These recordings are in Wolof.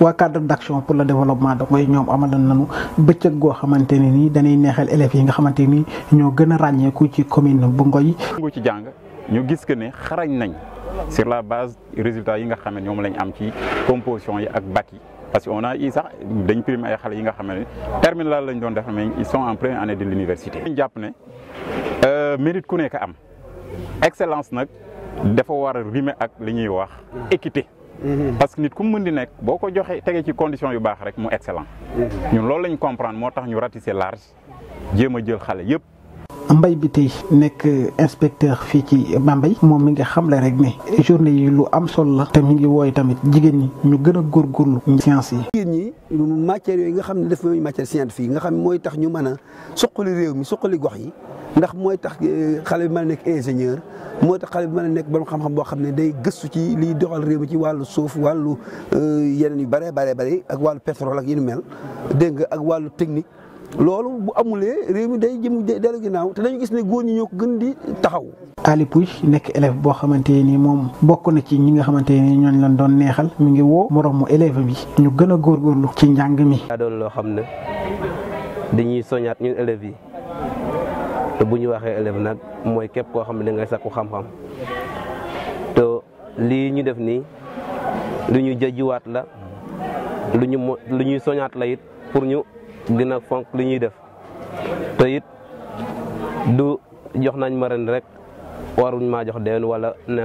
waa cadre d'action pour le développement da koy ñoom amalal nañu bëccëg goo xamante ne nii dañuy neexal élèves yi nga xamante nii ñoo gën a ràññeeku ci commune bu Ngoy. ci jàng ñu gis que ne xarañ nañ sur la base résultats yi nga xam ne ñoom lañ am ci composition yi ak bac yi. parce que on a i sax dañ primé ay xale yi nga xam ne terminale lañ doon def mais ils sont en première année de l'université. ñu jàpp ne euh, mérite ku nekk am excellence nag dafa war a ak li ñuy wax équité. parce que nit ku mu mën di nekk boo ko joxee tege ci condition yu baax rek mu excellent ñun loolu lañ comprendre moo tax ñu ratisser large jéem a jël xale yëpp. bi tey nekk inspecteur fii ci Bambey moom mi xam xamle rek ne journée yi lu am sol la te mi ngi wooy tamit jigéen ñi ñu gën a góorgóorlu science yi jigéen ñi matières yooyu nga xam ne def mooy matière scientifique nga xam ne mooy tax ñu mën a suqali réew mi suqali gox yi ndax mooy tax eh, xale bi mën a nekk ingénieur mooy tax xale bi ma a nekk borom xam-xam boo xam ne day gëstu ci liy doxal réew mi ci wàllu suuf wàllu euh, yeneen yu bare bare bare ak wàllu pétrole ak yu mel dégg nga ak wàllu technique. loolu bu amulee réew mi day jëm dellu ginnaaw dañu gis ne góor ñi ñoo ko gën di taxaw. Ali Pouy nekk élève boo xamante nii moom bokk na ci ñi nga xamante nii ñooñ lañ doon neexal mu ngi woo moromu élève bi ñu gën a góorgóorlu ci njàng mi. daa loo xam ne dañuy soñaat ñun élèves yi. te buñu ñu élève nak moy képp ko xamné nga ngay sakku xam-xam te li ñu def ni lu jëjju wat la lu luñu soñat la it pour ñu dina fonk lu ñuy def te it du jox nañ ma ren rek waruñ ma jox den wala ne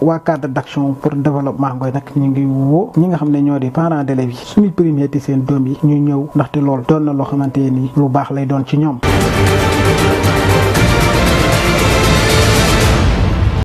waa cadre d'action pour développement ngoy nak ñi ngi wo ñi nga xamne ñoo di parents d'élèves suñu premier ti seen dom yi ñu ndax ndaxte lool doon na lo xamante ni lu baax lay doon ci ñom